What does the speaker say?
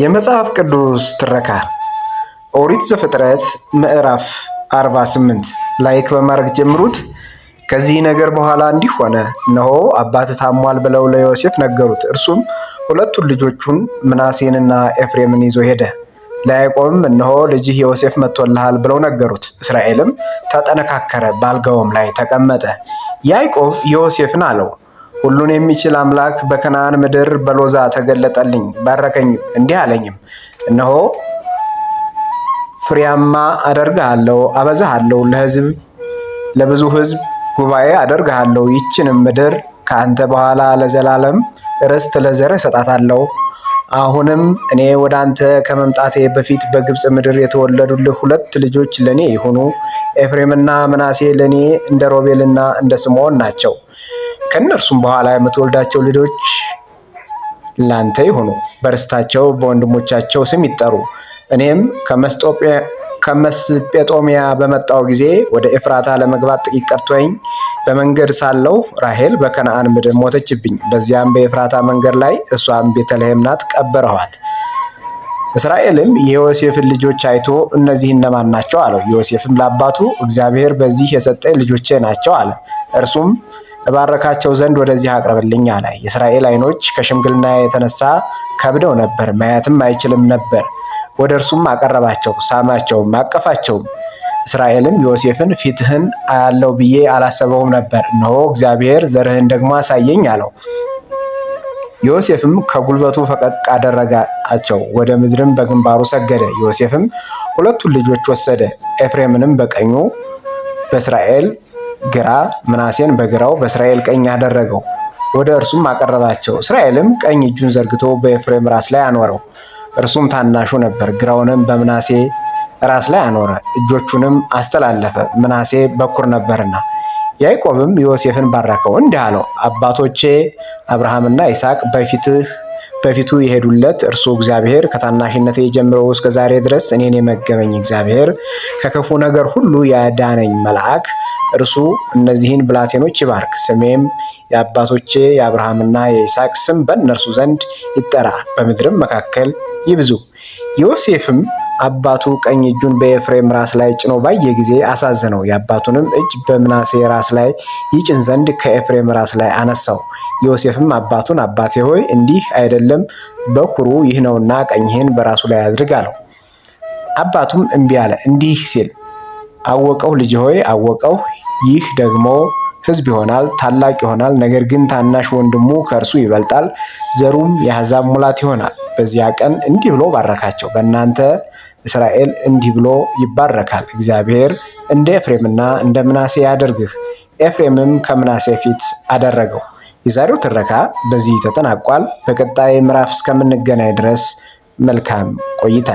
የመጽሐፍ ቅዱስ ትረካ ኦሪት ዘፍጥረት ምዕራፍ 48 ላይክ በማድረግ ጀምሩት። ከዚህ ነገር በኋላ እንዲህ ሆነ፣ እነሆ አባት ታሟል ብለው ለዮሴፍ ነገሩት። እርሱም ሁለቱን ልጆቹን ምናሴንና ኤፍሬምን ይዞ ሄደ። ለያዕቆብም እነሆ ልጅህ ዮሴፍ መጥቶልሃል ብለው ነገሩት። እስራኤልም ተጠነካከረ፣ በአልጋውም ላይ ተቀመጠ። ያዕቆብ ዮሴፍን አለው ሁሉን የሚችል አምላክ በከነዓን ምድር በሎዛ ተገለጠልኝ፣ ባረከኝም፣ እንዲህ አለኝም፣ እነሆ ፍሬያማ አደርግሃለሁ፣ አበዛሃለሁ፣ ለሕዝብ ለብዙ ሕዝብ ጉባኤ አደርግሃለሁ። ይችንም ምድር ከአንተ በኋላ ለዘላለም ርስት ለዘር እሰጣታለሁ። አሁንም እኔ ወደ አንተ ከመምጣቴ በፊት በግብፅ ምድር የተወለዱልህ ሁለት ልጆች ለእኔ ይሁኑ። ኤፍሬምና ምናሴ ለእኔ እንደ ሮቤልና እንደ ስምዖን ናቸው። ከእነርሱም በኋላ የምትወልዳቸው ልጆች ላንተ ይሁኑ፣ በርስታቸው በወንድሞቻቸው ስም ይጠሩ። እኔም ከመስጴጦሚያ በመጣው ጊዜ ወደ ኤፍራታ ለመግባት ጥቂት ቀርቶኝ በመንገድ ሳለሁ ራሄል በከነአን ምድር ሞተችብኝ። በዚያም በኤፍራታ መንገድ ላይ እሷም ቤተልሔም ናት ቀበረኋት። እስራኤልም የዮሴፍን ልጆች አይቶ እነዚህ እነማን ናቸው አለው። ዮሴፍም ለአባቱ እግዚአብሔር በዚህ የሰጠኝ ልጆቼ ናቸው አለ። እርሱም እባረካቸው ዘንድ ወደዚህ አቅርብልኝ አለ። የእስራኤል ዓይኖች ከሽምግልና የተነሳ ከብደው ነበር፣ ማየትም አይችልም ነበር። ወደ እርሱም አቀረባቸው፣ ሳማቸውም፣ አቀፋቸውም። እስራኤልም ዮሴፍን ፊትህን አያለው ብዬ አላሰበውም ነበር፣ እነሆ እግዚአብሔር ዘርህን ደግሞ አሳየኝ አለው። ዮሴፍም ከጉልበቱ ፈቀቅ አደረጋቸው፣ ወደ ምድርም በግንባሩ ሰገደ። ዮሴፍም ሁለቱን ልጆች ወሰደ፣ ኤፍሬምንም በቀኙ በእስራኤል ግራ ምናሴን በግራው በእስራኤል ቀኝ አደረገው፣ ወደ እርሱም አቀረባቸው። እስራኤልም ቀኝ እጁን ዘርግቶ በኤፍሬም ራስ ላይ አኖረው፣ እርሱም ታናሹ ነበር። ግራውንም በምናሴ ራስ ላይ አኖረ፣ እጆቹንም አስተላለፈ፣ ምናሴ በኩር ነበርና። ያዕቆብም ዮሴፍን ባረከው፣ እንዲህ አለው፦ አባቶቼ አብርሃምና ይስሐቅ በፊትህ በፊቱ የሄዱለት እርሱ እግዚአብሔር ከታናሽነቴ ጀምሮ እስከ ዛሬ ድረስ እኔን የመገበኝ እግዚአብሔር ከክፉ ነገር ሁሉ ያዳነኝ መልአክ እርሱ እነዚህን ብላቴኖች ይባርክ፣ ስሜም የአባቶቼ የአብርሃምና የይስሐቅ ስም በእነርሱ ዘንድ ይጠራ፣ በምድርም መካከል ይብዙ። ዮሴፍም አባቱ ቀኝ እጁን በኤፍሬም ራስ ላይ ጭኖ ባየ ጊዜ አሳዘነው። የአባቱንም እጅ በምናሴ ራስ ላይ ይጭን ዘንድ ከኤፍሬም ራስ ላይ አነሳው። ዮሴፍም አባቱን አባቴ ሆይ እንዲህ አይደለም፣ በኩሩ ይህ ነውና ቀኝህን በራሱ ላይ አድርግ አለው። አባቱም እምቢ አለ፣ እንዲህ ሲል አወቀው ልጅ ሆይ አወቀው፣ ይህ ደግሞ ህዝብ ይሆናል፣ ታላቅ ይሆናል። ነገር ግን ታናሽ ወንድሙ ከእርሱ ይበልጣል፣ ዘሩም የአሕዛብ ሙላት ይሆናል። በዚያ ቀን እንዲህ ብሎ ባረካቸው፣ በእናንተ እስራኤል እንዲህ ብሎ ይባረካል። እግዚአብሔር እንደ ኤፍሬምና እንደ ምናሴ ያደርግህ። ኤፍሬምም ከምናሴ ፊት አደረገው። የዛሬው ትረካ በዚህ ተጠናቋል። በቀጣይ ምዕራፍ እስከምንገናኝ ድረስ መልካም ቆይታ